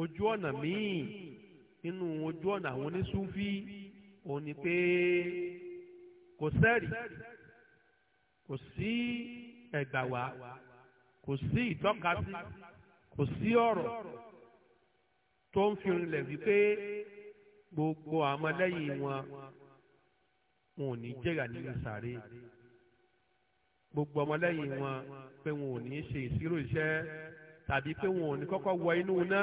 ojú ọ̀nà míì nínú ojú ọ̀nà àwọn onísúfí òun ni pé kò sẹ́rì kò sí ẹ̀gbà wá kò sí ìtọ́kasí kò sí ọ̀rọ̀ tó ń fi rinlẹ̀ wípé gbogbo àmọ́lẹ́yìn wọn wọn ò ní jẹ́yà nínú sàárè gbogbo ọmọlẹ́yìn wọn pé wọn ò ní ṣe ìṣirò iṣẹ́ tàbí pé wọn ò ní kọ́kọ́ wọ inú iná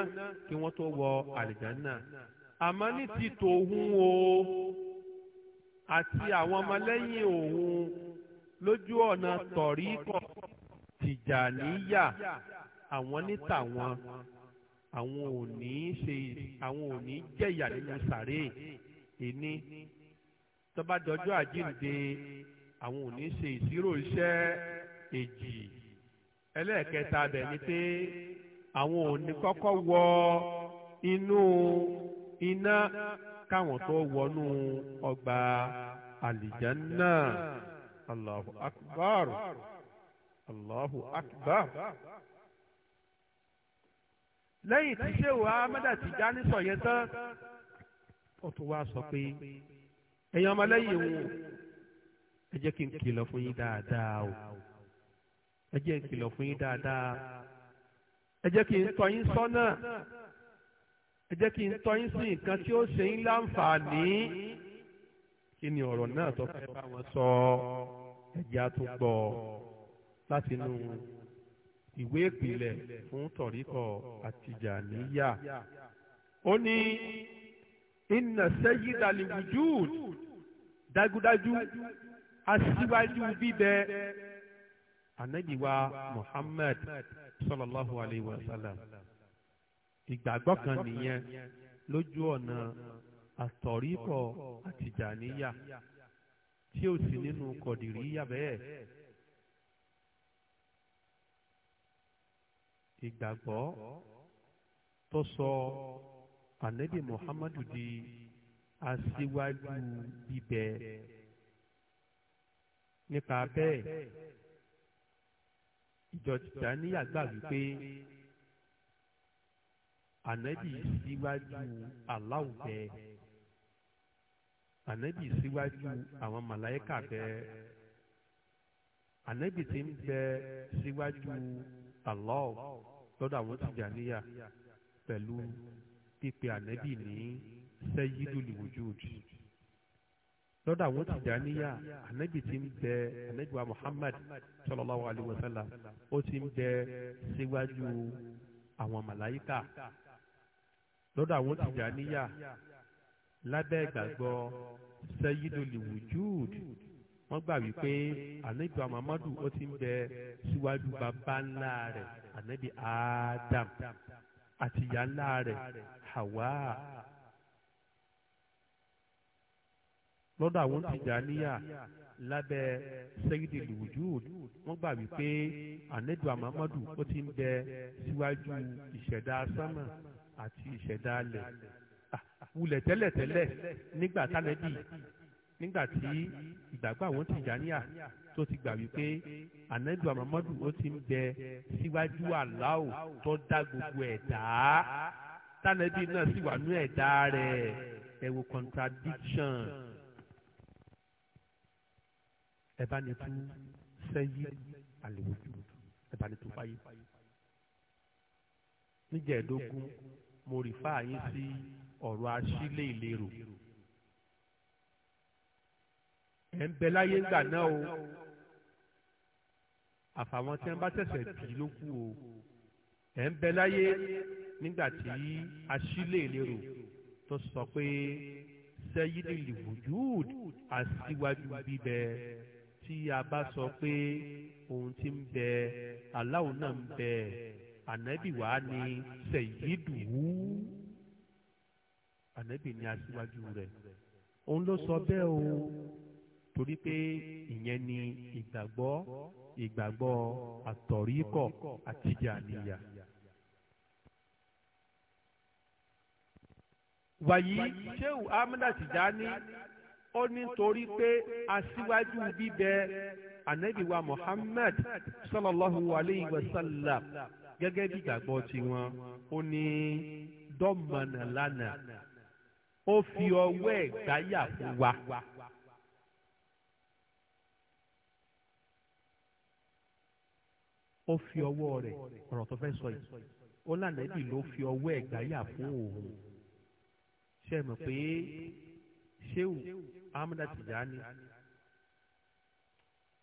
kí wọ́n tó wọ àlìjánná àmọ́ ní ti tòun o àti àwọn ọmọlẹ́yìn òun lójú ọ̀nà tọ̀ríkọ̀ tìjàníyà àwọn ní tàwọn àwọn ò ní ṣe àwọn ò ní jẹ̀yà nínú sàré ìní tó bá dọjọ́ àjíǹde àwọn ò ní ṣe ìṣirò iṣẹ́ èjì. ẹlẹ́ẹ̀kẹta bẹ̀ ni pé àwọn ò kọ́kọ́ wọ inú iná káwọn tó wọnú ọgbà allahu akbar allahu akbar lẹ́yìn tí ti já ní sọ̀yẹ́ tán ó tún wá sọ pé ẹ̀yin ọmọlẹ́yìn wọn ẹ jẹ́ kí n kìlọ̀ fún o. ẹ jẹ́ n kìlọ̀ fún yín dáadáa ẹ jẹ́ kí n tọ́ yín sọ́nà ẹ jẹ́ kí n tọ́ yín sí nǹkan tí ó ṣe yín láǹfààní kí ni ọ̀rọ̀ náà tó fẹ́ bá wọn sọ ẹ̀jẹ̀ àtúgbọ̀ láti inú ìwé ìpìlẹ̀ fún tọ̀ríkọ̀ àtìjàníyà ó ní inna sayyida al-wujud dájúdájú aṣíwájú bíbẹ anabi wa muhammad sallallahu alayhi wa sallam ìgbàgbọ́ kan nìyẹn lójú ọ̀nà àtọ̀ríkọ̀ àtìjàníyà tí ó sì nínú kọ̀dìríyà bẹ́ẹ̀. ìgbàgbọ́ tó sọ ànábì muhammadu di aṣíwájú bíbẹ nípa bẹ́ẹ̀ ìjọ tìjàníyà gbà wípé ànábì síwájú aláwùjẹ ànábì síwájú àwọn màláíkà bẹ ànábì tí ń bẹ síwájú Allah lọ́dọ̀ àwọn tìjàníyà pẹ̀lú pípe ànábì ní sayyidul wujud lọ́dọ̀ àwọn Tìjàníyà ànábì ti ń bẹ ànábì wa Muhammad sallallahu alayhi wa sallam ó ti ń bẹ síwájú àwọn màláyíkà lọ́dọ̀ àwọn Tìjàníyà lábẹ́ ìgbàgbọ́ sayyidul wujud wọ́n gbà wípé ànábì wa Muhammadu ó ti ń bẹ síwájú bàbá ńlá rẹ̀ ànábì Adam àtìyá ńlá rẹ̀ Hawa. lọ́dọ̀ àwọn Tìjàníyà lábẹ́ sẹ́yìndì lùwùjúùd wọ́n gbà wípé ànẹ́dù àmàmọ́dù ó ti ń bẹ síwájú ìṣẹ̀dá sánmà àti ìṣẹ̀dá alẹ̀ wulẹ̀ tẹ́lẹ̀tẹ́lẹ̀ nígbà tánẹ́dì nígbà tí ìgbàgbọ́ àwọn Tìjàníyà tó ti gbà wípé ànẹ́dù àmàmọ́dù ó ti ń bẹ síwájú Allahu tó dá gbogbo ẹ̀dá tánẹ́dì náà sì wà ní ẹ̀dá rẹ̀ ẹ wo contradiction ẹ bá ní tú sẹ́yí àlèwòjú ẹ bá ní tú fáyé. níjẹ̀ẹ́dógún mo rì fáàyín sí ọ̀rọ̀ aṣílẹ̀ ìlérò náà o àfàwọn tí wọ́n bá tẹ̀sẹ̀ bì í ló kù o ẹ̀ ń bẹ nígbà tí aṣílẹ̀ ìlérò tó sọ pé sẹ́yìn lè wùjúùd àṣìwájú bíbẹ tí a bá sọ pé ohun tí ń bẹ Allah náà ń bẹ ànábì wá ní sayyiduhu ànábì ní aṣíwájú rẹ̀ òun ló sọ bẹ́ẹ̀ o torí pé ìyẹn ni ìgbàgbọ́ ìgbàgbọ́ àtọ̀ríkọ̀ àtijàníyà. wàyí sheu amúdàtìjà ní ó ní torí pé aṣíwájú bíbẹ anabiwa Muhammad sallallahu alayhi wa sallam gẹ́gẹ́ bí gbàgbọ́ tiwọn ó ní dọ́mọ̀nà lánàá ó fi ọwọ́ ẹ̀ gbáyà fún wa. ó fi ọwọ́ rẹ̀ ọ̀rọ̀ tó fẹ́ sọ yìí ó lànàbì ló fi ọwọ́ ẹ̀ gbáyà fún òun ṣe mọ̀ pé ṣéwù amúdá tìjáni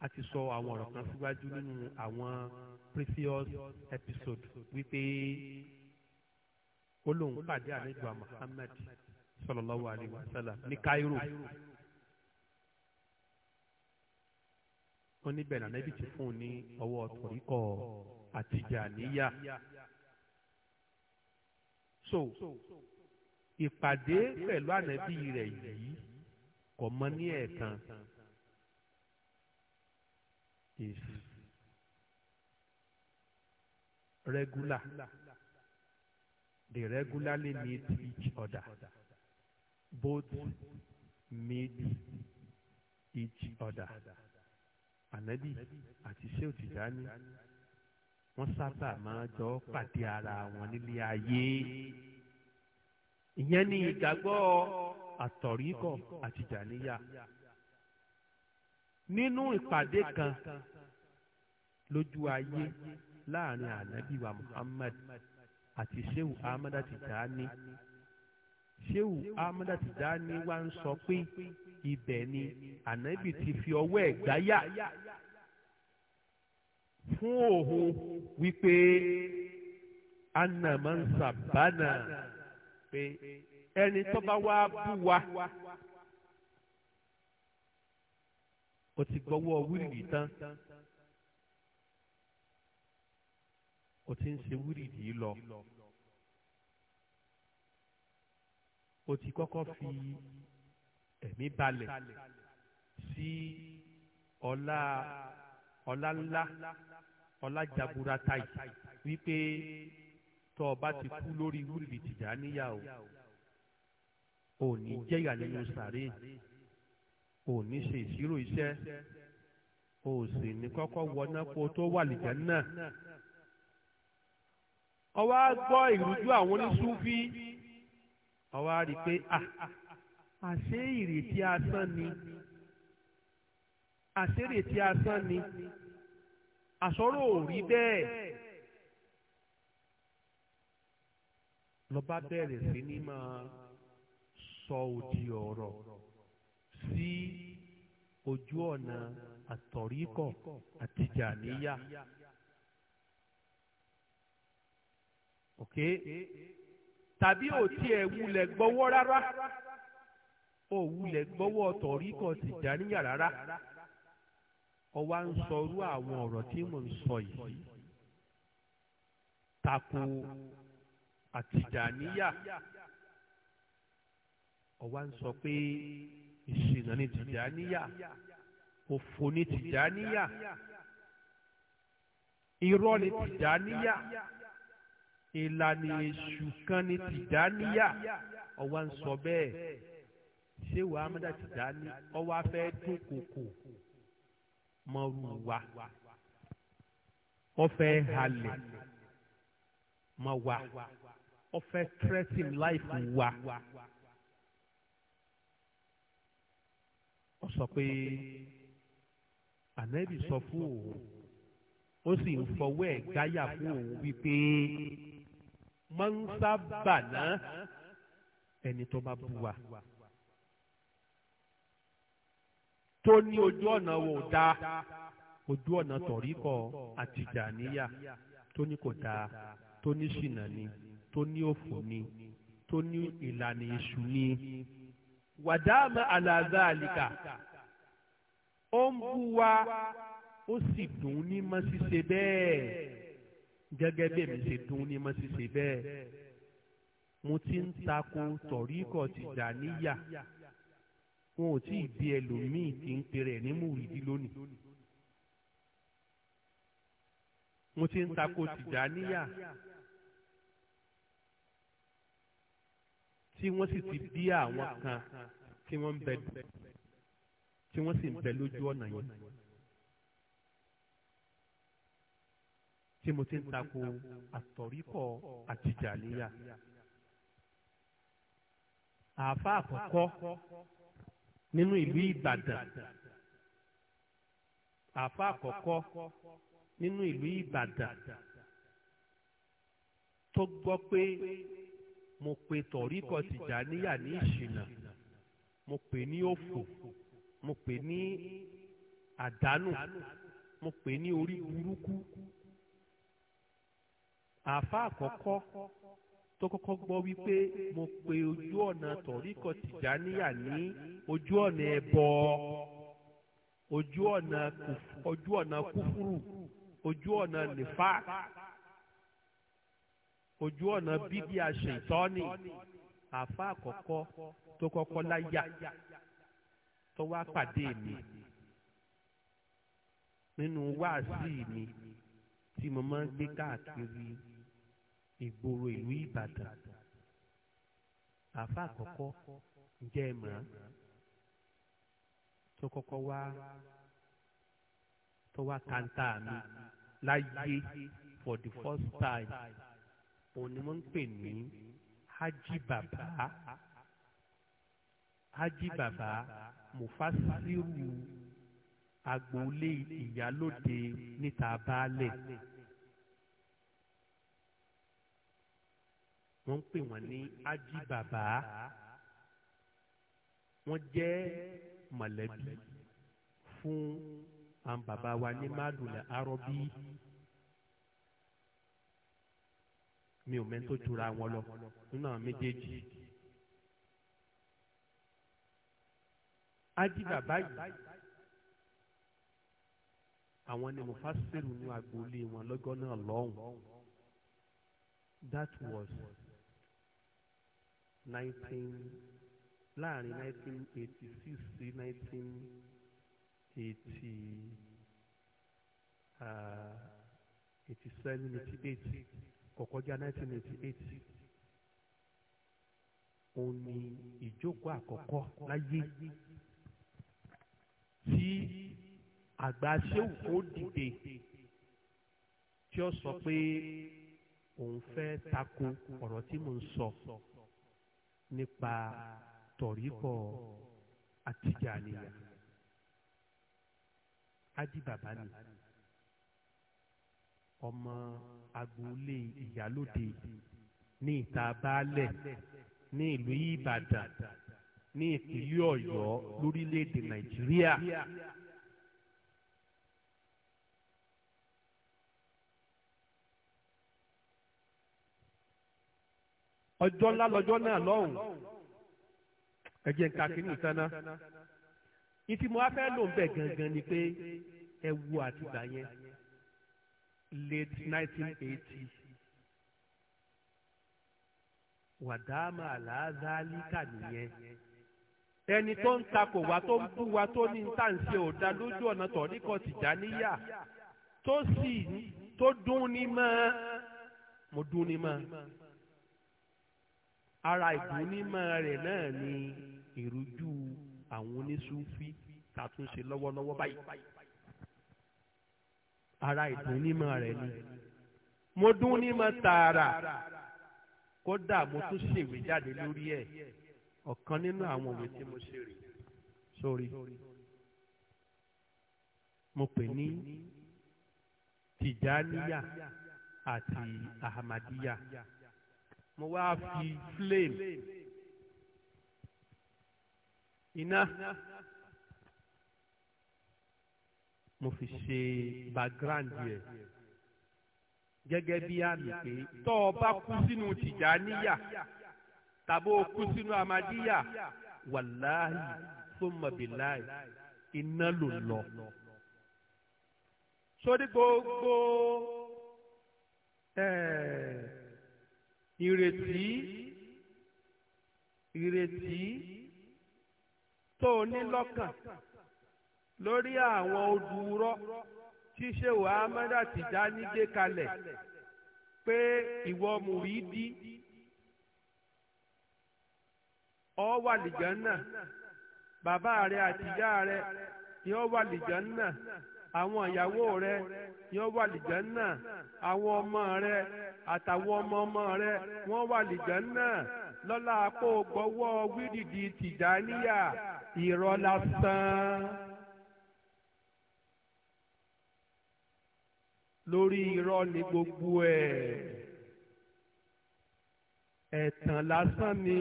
a ti sọ àwọn ọ̀rọ̀ kan síwájú nínú àwọn previous episode wípé ó lóun pàdé àlejò Muhammad sallallahu alayhi wa sallam ní Cairo ó ní bẹ̀rẹ̀ ànábì ti fún un ní ọwọ́ tòríkọ̀ àtìjàníyà so ìpàdé pẹ̀lú ànábì rẹ̀ yìí kò mọ ní ẹ̀ẹ̀kan is regular they regularly meet each other both meet each other ànábì àti Ṣéù Tìjání wọ́n sábà máa jọ pàdé ara wọn nílé ayé ìyẹn ni ìgbàgbọ́ àtọ̀ríkọ̀ àti jàníyà nínú ìpàdé kan lójú ayé láàrin ànábì wa Muhammad àti Shehu Ahmada Tijani Shehu Ahmada Tijani wa ń sọ pé ibẹ̀ ni ànábì ti fi ọwọ́ ẹ̀ gbáyà fún òun wípé anna man pé ẹni tó bá wá bú wa ó ti gbọ́wọ́ wíìrì tán ó ti ń ṣe wíìrì lọ ó ti kọ́kọ́ fi ẹ̀mí balẹ̀ sí ọlá ọlá ńlá ọlá jaburata yìí wípé tó o bá ti kú lórí wúlìlì Tìjàníyà o ò ní jẹ́yà nínú sàré ò ní ṣe ìṣirò iṣẹ́ o sì ní kọ́kọ́ wọná kó tó wà lìjánná ọwọ́ á gbọ́ ìrújú àwọn oníṣúfí ọwọ́ á rí i pé àṣé ìrètí asán ni àṣé ìrètí asán ni àsọ̀rọ̀ ò rí bẹ́ẹ̀. ló bá bẹ̀rẹ̀ sí ní máa sọ òdì ọ̀rọ̀ sí ojú ọ̀nà àtọ̀ríkọ̀ àtìjàníyà. òkè tàbí ò tiẹ̀ wulẹ̀ gbọ́wọ́ rárá ò wulẹ̀ gbọ́wọ́ tọ̀ríkọ̀ tìjàníyà rárá ó wá ń sọrú àwọn ọ̀rọ̀ tí mò ń sọ yìí tako àtìjàníyà ọ̀wá ń sọ pé ìṣìnà ni tìjàníyà òfò ni tìjàníyà irọ́ ni tìjàníyà ìlànà èṣù kan ni tìjàníyà ọ̀wá ń sọ bẹ́ẹ̀ ṣé wàá mọ́dá tìjàní ọwọ́ afẹ́ dún kòkò mọ́rù wa ọ̀fẹ́ halẹ̀ mọ́ wa ó fẹ́ tírẹ́tìm láìfù wa ó sọ pé ànábì sọ fún òun ó sì ń fọwọ́ ẹ̀ gáyà fún òun wípé mọ́nsábàná ẹni tó bá bú wa tó ní ojú ọ̀nà wò dáa ojú ọ̀nà tọ̀ríkọ̀ àtìjàníyà tó ní kò dáa tó ní ṣìnà ni tó ní òfò ni tó ní ìlànà èṣù ni wàdáàmà àlàzà àlìkà ó ń bú wa ó sì dùn ní mọ́ ṣíṣe bẹ́ẹ̀ gẹ́gẹ́ bí èmi ṣe dùn ní mọ́ ṣíṣe bẹ́ẹ̀ mo ti ń tako tọ̀ríkọ̀ Tìjàníyà wọn ò tí ì bí ẹlòmíì tí ń pèrè ní mùrìdí lónìí. mo ti ń tako tìjàníyà tí wọ́n sì ti bí àwọn kan tí wọ́n ń bẹ tí wọ́n sì ń bẹ lójú ọ̀nà yẹn tí mo ti ń tako àtọ̀ríkọ̀ àtìjàníyà àáfà àkọ́kọ́ nínú ìlú Ìbàdàn àáfà àkọ́kọ́ nínú ìlú Ìbàdàn tó gbọ́ pé mo pe tọ̀ríkọ̀ Tìjàníyà ní ìṣìnà mo pè ní òfò mo pè ní àdánù mo pè ní orí burúkú àáfàá àkọ́kọ́ tó kọ́kọ́ gbọ́ wípé mo pe ojú ọ̀nà tọ̀ríkọ̀ Tìjàníyà ní ojú ọ̀nà ẹbọ ojú ọ̀nà kúfúrú ojú ọ̀nà nìfà ojú ọ̀nà bíbí àṣetọ́ni àfa àkọ́kọ́ tó kọ́kọ́ láyà tó wá pàdé mi nínú wáàsí mi tí mo máa ń gbé káàkiri ìgboro ìlú Ìbàdàn àfa àkọ́kọ́ ǹjẹ́ ẹ tó kọ́kọ́ wá tó wá kàńtà mi láyé for the first time òun ni wọ́n ń pè ní hajj baba hajj baba mufasiru agboolé ìyálóde níta baálẹ̀ wọ́n ń pè wọ́n ní hajj baba wọ́n jẹ́ mọ̀lẹ́bí fún àwọn bàbá wa ní mádùlẹ̀ arọ́bí mi ò mẹ́tò jura wọn lọ nínú àwọn méjèèjì. ají bàbá yìí àwọn ni mufasiru ní agboolé wọn lọ́jọ́ náà lọ́hùn that was nineteen láàrin nineteen eighty six sí nineteen eighty uh, eighty seven eighty eight kò kọjá nineteen eighty eight òun ni ìjókòó àkọ́kọ́ láyé tí àgbà ṣéwù kó dìde tí ó sọ pé òun fẹ́ tako ọ̀rọ̀ tí mò ń sọ nípa tọ̀ríkọ̀ àtijàníyà adi bàbá ni ọmọ agboolé ìyálóde ní ìta baálẹ̀ ní ìlú ìbàdàn ní ìpínlẹ̀ ọ̀yọ́ lórílẹ̀‐èdè nàìjíríà. ọjọ́ ńlá lọ́jọ́ náà lọ́hùn-ún ẹ̀jẹ̀ ń ka kínní ìtaná ìtì mo wá fẹ́ lò ń bẹ̀ gangan ni pé ẹ wo àtìgbà yẹn late nineteen eighty wàdáàmà àlàázálíkà nìyẹn ẹni tó ń takò wá tó ń bú wa tó ní táǹsì ọ̀dà lójú ọ̀nà tọ̀ríkọ̀ tìjáníyà tó sì tó dún ní mọ́ mo dún ní mọ́ ara ìdùnnímọ̀ rẹ̀ náà ni ìrújú àwọn onísúfí tàtúnṣe lọ́wọ́lọ́wọ́ báyìí ara ìdúnnímọ̀ rẹ̀ ni mo dún nímọ̀ tààrà kódà mo tún ṣèwé jáde lórí ẹ̀ ọ̀kan nínú àwọn òwe tí mo ṣe rè sórí mo pè ní tìjàníyà àti ahmadiyya mo wá fi flame iná mo fi ṣe background yẹ gẹ́gẹ́ bí àmì pé tọ́ ọ bá kú sínú tìjàníyà tàbí o kú sínú amadíyà wàláhì summa billahi iná ló lọ. sórí gbogbo ìrètí ìrètí. tó o ní lọ́kàn lórí àwọn odùúrọ́ tí ṣéwò Ahmad Tijani gbé kalẹ̀ pé ìwọ mùrídì ọ wà lìjánà bàbá rẹ àtìyá rẹ ni ọ wà lìjánà àwọn ìyàwó rẹ ni ọ wà lìjánà àwọn ọmọ rẹ àtàwọn ọmọ ọmọ rẹ wọ́n wà lìjánà lọ́la kó ti wídìdì niya. irọ́ lásán lórí irọ́ ni gbogbo ẹ̀ ẹ̀tàn lásán ni.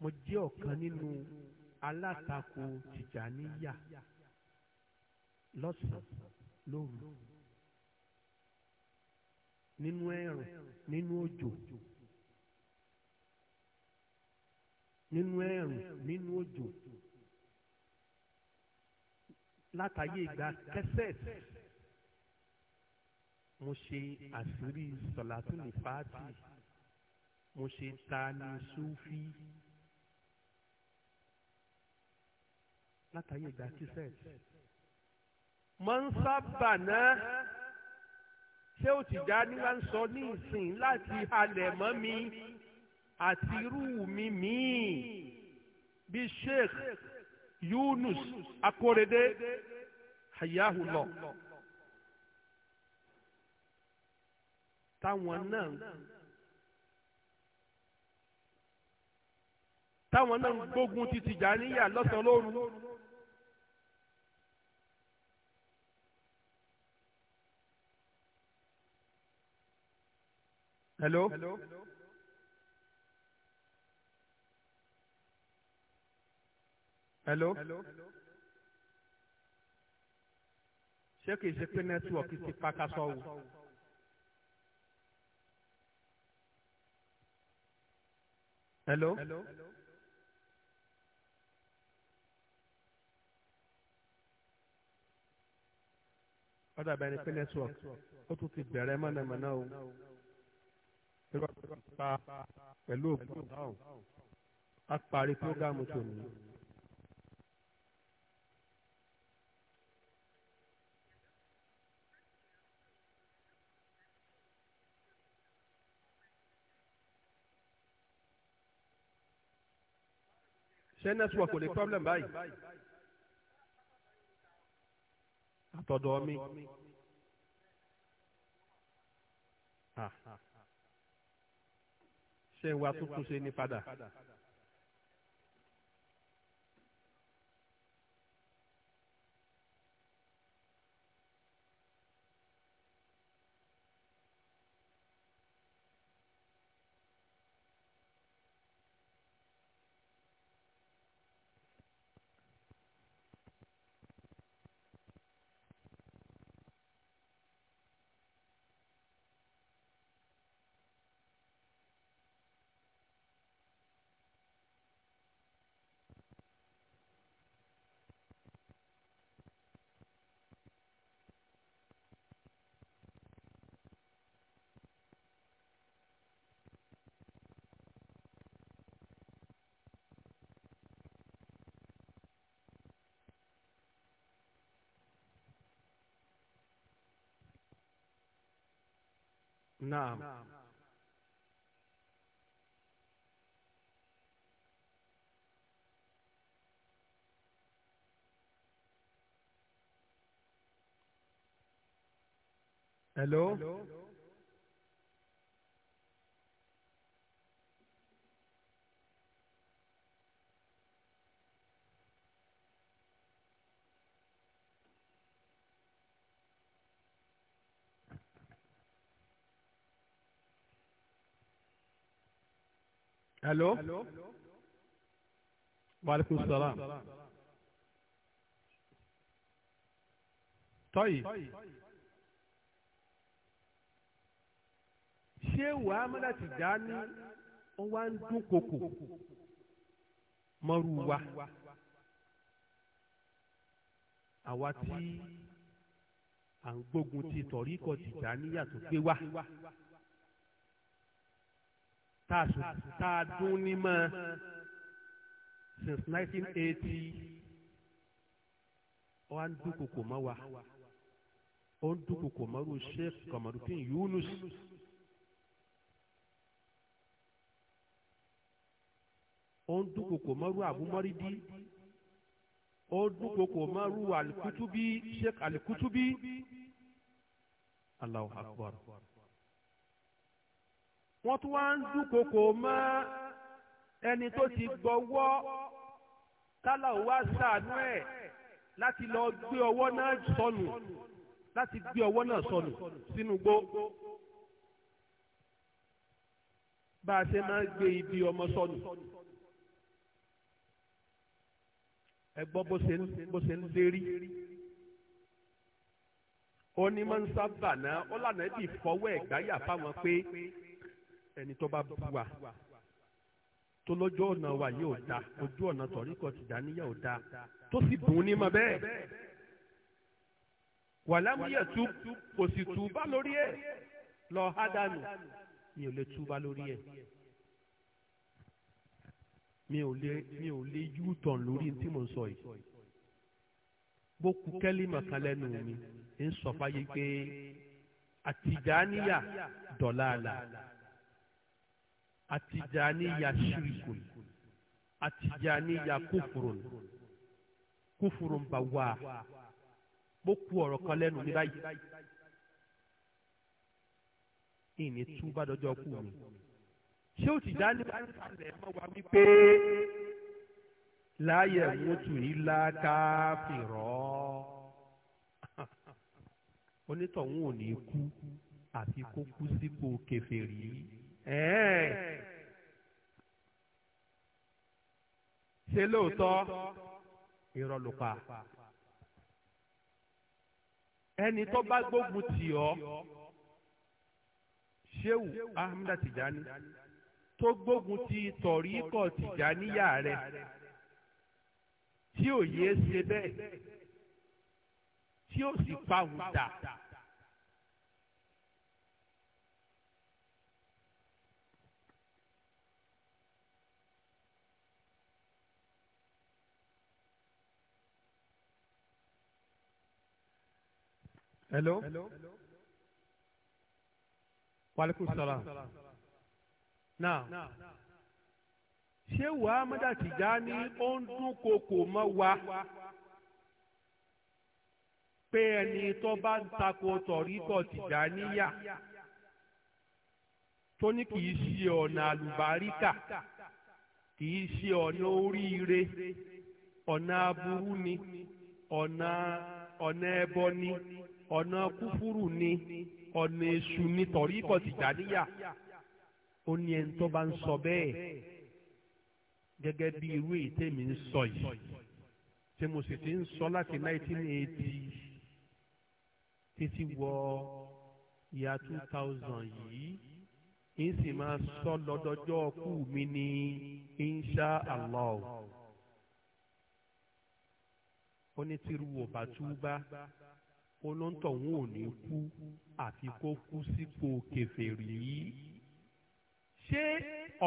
mo jẹ́ ọ̀kan nínú alátakò tìjàníyà lọ́sàn-án lóru nínú ẹ̀rùn nínú òjò. nínú ẹ̀rùn nínú òjò látàyè ìgbà kẹsẹ̀t mo ṣe àṣírí sọ̀làtúnì fàátì mo ṣe ta ní súfì látàyè ìgbà kẹsẹ̀t mọ̀ ń sábà náà ṣé ó ti já níwá ń sọ ní ìsìn láti halẹ̀ mọ́ mi àti irú mi míì bí Sheikh Yunus Akorede hayahulọ táwọn náà táwọn náà gbógun ti Tìjàníyà lọ́sàn-án lóru. hello. hello? hello? hello ṣé kìí ṣe pé nẹ́tíwọ̀kì ti pákásọ wò. hello. hello? hello? ọdọ abẹni pé network ó tún ti bẹ̀rẹ̀ mọ̀nàmọ́ná o pẹ̀lú òkú ọ̀hún a parí programu tòní. ṣé network kò ní problem báyìí àtọ̀dọ̀ mi ah, ah. ṣé ń wa tuntun ṣe ní padà. naam. hello. hello? hello waaleykum salaam tọ́yì ṣé wàá amúdá ti dá ní wọ́n wá ń dún kòkò mọ́rú wa àwa tí à ń gbógun ti tọ̀ríkọ̀ ti dá níyà tó wá tá a dún ní mọ́ since 1980. eighty ó wá ń dúnkòkò mọ́ wa ó ń dúnkòkò mọ́rú Sheikh Kamarudin Yunus. ó ń dúnkokò mọ́rú àbúmọ́rídí ó ń dúnkokò mọ́rú alikutubi sheikh alikutubi Allahu akbar. akbar wọ́n tún wá ń dúnkokò mọ́ ẹni tó ti gbọ́wọ́ kálá ò wá sàánú ẹ̀ láti lọ gbé ọwọ́ náà sọnù láti gbé ọwọ́ náà sọnù sínú igbó. bá a ṣe máa ń gbé ibi ọmọ sọnù. ẹ gbọ́ bó ṣe ń lérí. ó ní mọ́ ń sábà náà ó lànà ẹbí fọwọ́ ẹ̀ gbáyà fáwọn pé ẹni tó bá bú wa tó lọ́jọ́ ọ̀nà wa yìí ò da ojú ọ̀nà tọ̀ríkọ̀ tìjàníyà ò da tó sì bùn ní ma bẹ́ẹ̀ wàlámúyẹ̀ tú kò sì túbá lórí ẹ̀ lọ hádànù mi ò lè túbá lórí ẹ̀ mi ò lè mi ò lè yúùtàn lórí tí mo ń sọ yìí bó kẹ́lí màkà lẹ́nu mi ń sọ fáyé pé àtìjàníyà dọ̀là àlà àtìjàníyà ṣírìkùn àtìjàníyà kúfùrùn kúfùrùn bá wà mo ku ọ̀rọ̀ kan lẹ́nu mi báyìí ìní tú bá dọjọ́ kù mi ṣé ó ti dá ní bá ń sàlẹ̀ mọ́ wa wípé láàyè mútu ilá káfìrọ́ onítọ̀hún ò ní kú àfi kó kú sípò kèfèrí ṣe lóòótọ́ irọ́ ló pa ẹni tó bá gbógun tì ọ́ Ṣéwù Ahmada Tìjání tó gbógun ti tọ̀ríkọ̀ Tìjáníyà rẹ̀ tí ò yéé ṣe bẹ́ẹ̀ tí ò sì pa òun dà. hello wàlíkù sọlá náà ṣé wàá mọ́dà tìjà ní ó ń dúnkokò mọ́ wa pé ẹni tó bá ń takò níyà tó ní kì í ṣe ọ̀nà àlùbáríkà kì í ṣe ọ̀nà oríire ọ̀nà aburú ni ọ̀nà ẹbọ ni. ọ̀nà kúfúrú ni ọ̀nà èṣù ni tọ̀ríkọ̀ tìjàníyà ó ní ẹni tó bá ń sọ bẹ́ẹ̀ gẹ́gẹ́ bí irú èyí tèmi ń sọ yìí tí mo sì ti ń sọ láti 1980 títí wọ ìyá 2000 yìí ń sì máa sọ lọ́dọọjọ́ ọkú mi ní insha allah ó ní tírú ò bá túbá olóńtọ̀hún ò ní kú àfi kó kú sípò kèfèrí ṣé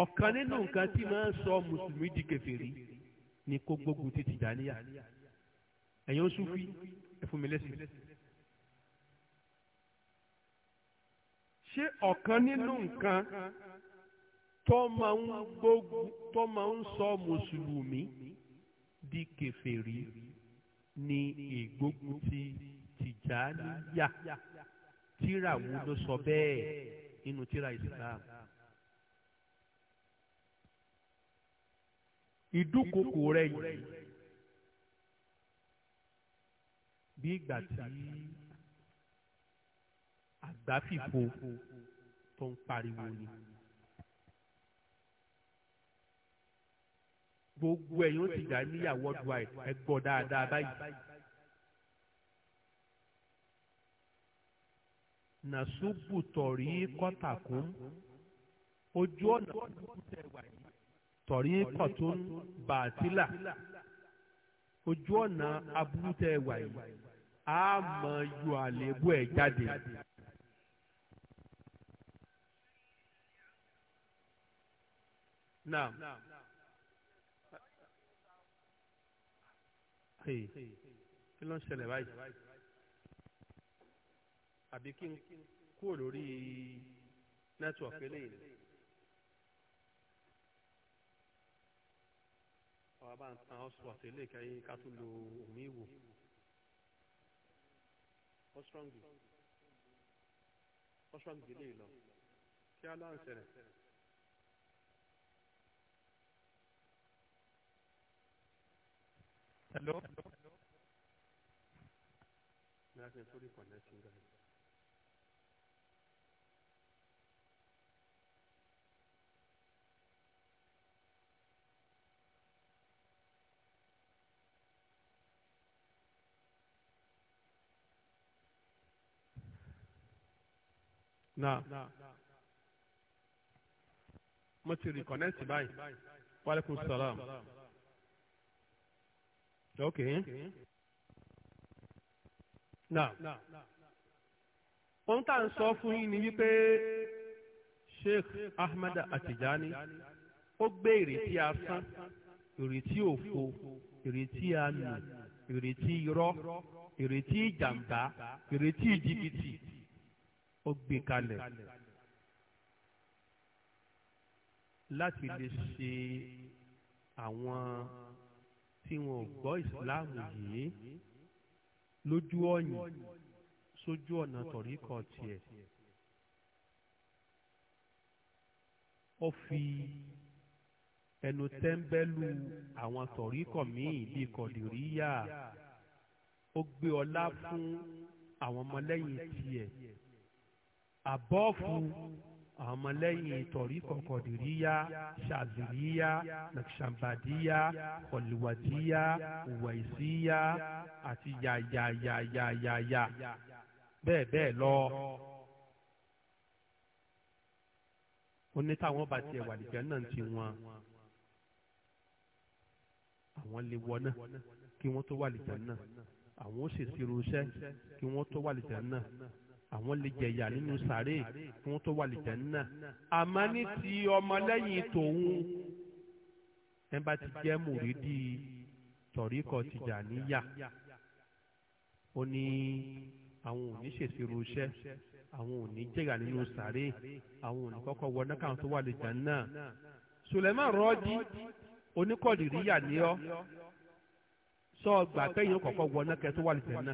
ọ̀kan nínú nǹkan tí máa ń sọ mùsùlùmí di kèfèrí ni kó gbógun ti tìjàníyà ẹ̀yin ó súnfí ẹ fún mi lẹ́sìn. ṣé ọ̀kan nínú nǹkan tó máa ń sọ mùsùlùmí di kèfèrí ni ìgbógun ti tìjàníyà tìjàníyà tíra wo ló sọ bẹ́ẹ̀ nínú tíra Islam. ìdúkokò rẹ yìí bí ìgbà tí àgbáfìfo tó ń pariwo ni. gbogbo ẹ̀yin ó ti dà níyàwó ọdún àìsàn ẹ gbọ́ dáadáa báyìí. nàṣubù tọ̀rí kọ́tàkùn ojú ọ̀nà tọ̀rí kọ̀tún bàtílà ojú ọ̀nà aburú tẹ wà yìí a máa yọ àléébù ẹ̀ jáde. Kí ló ń ṣẹlẹ̀ báyìí? àbí kí n kúrò lórí nẹ́tíwọ̀kì eléyìí. ọ̀rọ̀ bá ń tan hotspot eléyìí kẹ́yìn ká tún lo omi ìwò. ọ̀strọ̀ngì ọ̀strọ̀ngì eléyìí lọ kí á lọ́n ṣẹlẹ̀. Hello. Hello. Hello. Hello. Hello. Hello. Hello. Hello. na mo ti reconnect báyìí wàlẹ́kùn sàlám ok na ohun tá à ń sọ fún yín ni wípé Sheikh Ahmad Atijani ó gbé ìrètí asán ìrètí òfo ìrètí àmì ìrètí irọ́ ìrètí ìjàmbá ìrètí jìbìtì ó gbé kalẹ̀ láti lè ṣe àwọn tí wọn ò gbọ́ ìsìláàmù yìí lójú ọ̀yìn sójú ọ̀nà tọ̀ríkọ̀ tiẹ̀. ó fi ẹnu tẹ́ńbẹ́lú àwọn tọ̀ríkọ̀ míì bíi kọ̀dìríyà ó gbé ọlá fún àwọn ọmọlẹ́yìn tiẹ̀ àbọ́ọ̀fù àwọn ọmọlẹ́yìn ìtọ̀rí kọ̀kọ̀dìríyá ṣàzìríyá nàkṣàmbàdíyá kọ̀lìwàdíyá wẹ̀síyá àti yàyàyàyàyà bẹ́ẹ̀ bẹ́ẹ̀ lọ. ó ní táwọn bá tiẹ̀ wà lìjẹ́ náà ti wọn àwọn lè wọ náà kí wọ́n tó wà lìjẹ́ náà àwọn ó sì ṣírú iṣẹ́ kí wọ́n tó wà lìjẹ́ náà àwọn lè jẹ̀yà nínú sàárè kí wọ́n tó wà lè jẹ́nà àmọ́ ní ti ọmọlẹ́yìn tòun ẹ bá ti jẹ́ mùrídì tọ̀ríkọ̀ Tìjàníyà ó ní àwọn ò ní ṣèṣirò iṣẹ́ àwọn ò ní jẹ̀yà nínú sàárè àwọn ò ní wọ náà káwọn tó wà lè jẹ́nà Suleiman Rọ́jí oníkọ̀dìríyà ni ọ́ sọ gbà pé èèyàn wọ náà kẹ́ tó wà lè jẹ́nà.